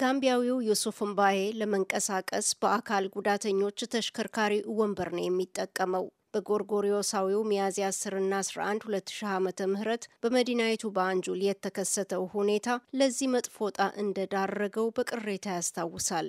ጋምቢያዊው ዩሱፍ እምባዬ ለመንቀሳቀስ በአካል ጉዳተኞች ተሽከርካሪ ወንበር ነው የሚጠቀመው። በጎርጎሪዮሳዊው ሚያዝያ 10ና 11 2000 ዓ ም በመዲናይቱ በአንጁል የተከሰተው ሁኔታ ለዚህ መጥፎ እንደዳረገው በቅሬታ ያስታውሳል።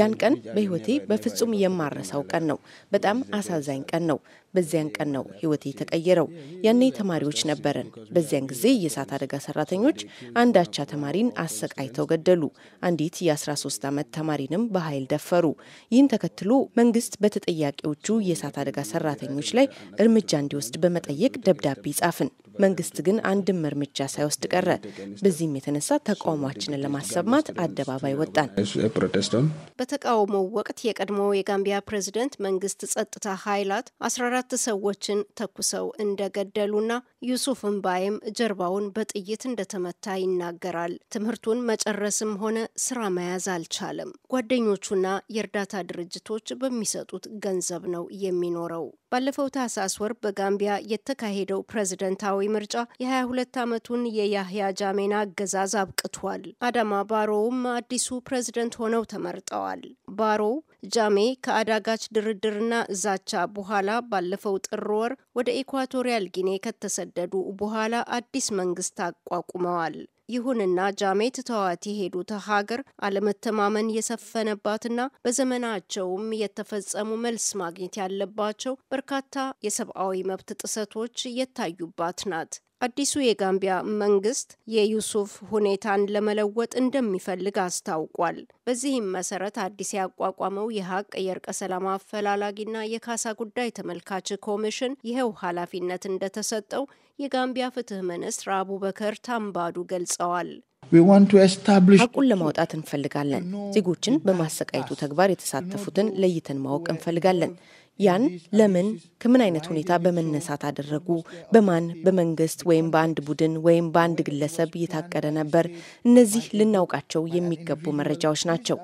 ያን ቀን በህይወቴ በፍጹም የማረሳው ቀን ነው። በጣም አሳዛኝ ቀን ነው። በዚያን ቀን ነው ህይወቴ የተቀየረው። ያኔ ተማሪዎች ነበረን። በዚያን ጊዜ የእሳት አደጋ ሰራተኞች አንዳቻ ተማሪን አሰቃይተው ገደሉ። አንዲት የ13 ዓመት ተማሪንም በኃይል ደፈሩ። ይህን ተከትሎ መንግስት በተጠያቂዎቹ የእሳት አደጋ ሰራተኞች ላይ እርምጃ እንዲወስድ በመጠየቅ ደብዳቤ ጻፍን። መንግስት ግን አንድም እርምጃ ሳይወስድ ቀረ። በዚህም የተነሳ ተቃውሟችንን ለማሰማት አደባባይ ወጣን። በተቃውሞው ወቅት የቀድሞ የጋምቢያ ፕሬዝደንት መንግስት ጸጥታ ኃይላት 14 ሰዎችን ተኩሰው እንደገደሉና ዩሱፍን ባይም ጀርባውን በጥይት እንደተመታ ይናገራል። ትምህርቱን መጨረስም ሆነ ስራ መያዝ አልቻለም። ጓደኞቹና የእርዳታ ድርጅቶች በሚሰጡት ገንዘብ ነው የሚኖረው። ባለፈው ታህሳስ ወር በጋምቢያ የተካሄደው ፕሬዝደንታዊ ምርጫ የ22 ዓመቱን የያህያ ጃሜን አገዛዝ አብቅቷል። አዳማ ባሮውም አዲሱ ፕሬዝደንት ሆነው ተመርጠዋል። ባሮው ጃሜ ከአዳጋች ድርድርና ዛቻ በኋላ ባለፈው ጥር ወር ወደ ኢኳቶሪያል ጊኔ ከተሰደዱ በኋላ አዲስ መንግስት አቋቁመዋል። ይሁንና ጃሜት ተዋት የሄዱት ሀገር አለመተማመን የሰፈነባትና በዘመናቸውም የተፈጸሙ መልስ ማግኘት ያለባቸው በርካታ የሰብአዊ መብት ጥሰቶች የታዩባት ናት። አዲሱ የጋምቢያ መንግስት የዩሱፍ ሁኔታን ለመለወጥ እንደሚፈልግ አስታውቋል። በዚህም መሰረት አዲስ ያቋቋመው የሀቅ የእርቀ ሰላም አፈላላጊና የካሳ ጉዳይ ተመልካች ኮሚሽን ይኸው ኃላፊነት እንደተሰጠው የጋምቢያ ፍትህ ሚኒስትር አቡበከር ታምባዱ ገልጸዋል። ሀቁን ለማውጣት እንፈልጋለን። ዜጎችን በማሰቃየቱ ተግባር የተሳተፉትን ለይተን ማወቅ እንፈልጋለን። ያን ለምን ከምን አይነት ሁኔታ በመነሳት አደረጉ? በማን በመንግስት ወይም በአንድ ቡድን ወይም በአንድ ግለሰብ እየታቀደ ነበር? እነዚህ ልናውቃቸው የሚገቡ መረጃዎች ናቸው።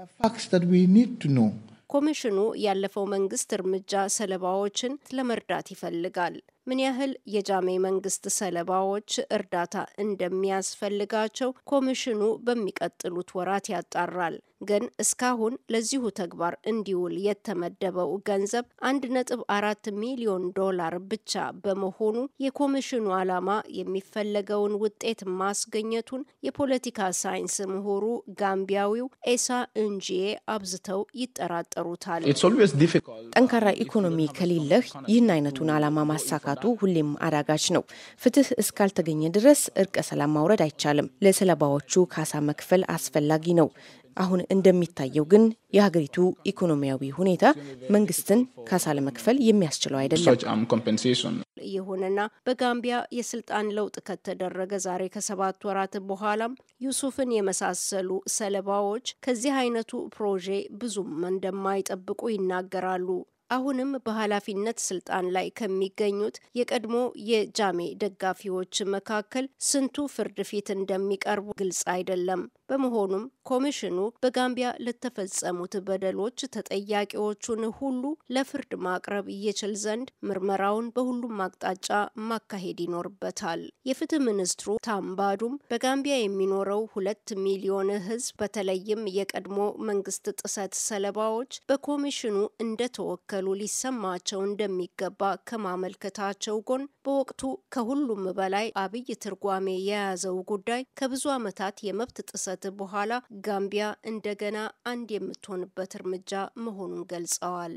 ኮሚሽኑ ያለፈው መንግስት እርምጃ ሰለባዎችን ለመርዳት ይፈልጋል። ምን ያህል የጃሜ መንግስት ሰለባዎች እርዳታ እንደሚያስፈልጋቸው ኮሚሽኑ በሚቀጥሉት ወራት ያጣራል። ግን እስካሁን ለዚሁ ተግባር እንዲውል የተመደበው ገንዘብ 1.4 ሚሊዮን ዶላር ብቻ በመሆኑ የኮሚሽኑ ዓላማ የሚፈለገውን ውጤት ማስገኘቱን የፖለቲካ ሳይንስ ምሁሩ ጋምቢያዊው ኤሳ እንጂዬ አብዝተው ይጠራጠሩታል። ጠንካራ ኢኮኖሚ ከሌለህ ይህን አይነቱን ዓላማ ማሳካት መነሳቱ ሁሌም አዳጋች ነው። ፍትህ እስካልተገኘ ድረስ እርቀ ሰላም ማውረድ አይቻልም። ለሰለባዎቹ ካሳ መክፈል አስፈላጊ ነው። አሁን እንደሚታየው ግን የሀገሪቱ ኢኮኖሚያዊ ሁኔታ መንግስትን ካሳ ለመክፈል የሚያስችለው አይደለም። um, ይሁንና በጋምቢያ የስልጣን ለውጥ ከተደረገ ዛሬ ከሰባት ወራት በኋላም ዩሱፍን የመሳሰሉ ሰለባዎች ከዚህ አይነቱ ፕሮጄ ብዙም እንደማይጠብቁ ይናገራሉ። አሁንም በኃላፊነት ስልጣን ላይ ከሚገኙት የቀድሞ የጃሜ ደጋፊዎች መካከል ስንቱ ፍርድ ፊት እንደሚቀርቡ ግልጽ አይደለም። በመሆኑም ኮሚሽኑ በጋምቢያ ለተፈጸሙት በደሎች ተጠያቂዎቹን ሁሉ ለፍርድ ማቅረብ ይችል ዘንድ ምርመራውን በሁሉም አቅጣጫ ማካሄድ ይኖርበታል። የፍትህ ሚኒስትሩ ታምባዱም በጋምቢያ የሚኖረው ሁለት ሚሊዮን ህዝብ በተለይም የቀድሞ መንግስት ጥሰት ሰለባዎች በኮሚሽኑ እንደተወከሉ ሊሰማቸው እንደሚገባ ከማመልከታቸው ጎን በወቅቱ ከሁሉም በላይ አብይ ትርጓሜ የያዘው ጉዳይ ከብዙ ዓመታት የመብት ጥሰት ከዓመታት በኋላ ጋምቢያ እንደገና አንድ የምትሆንበት እርምጃ መሆኑን ገልጸዋል።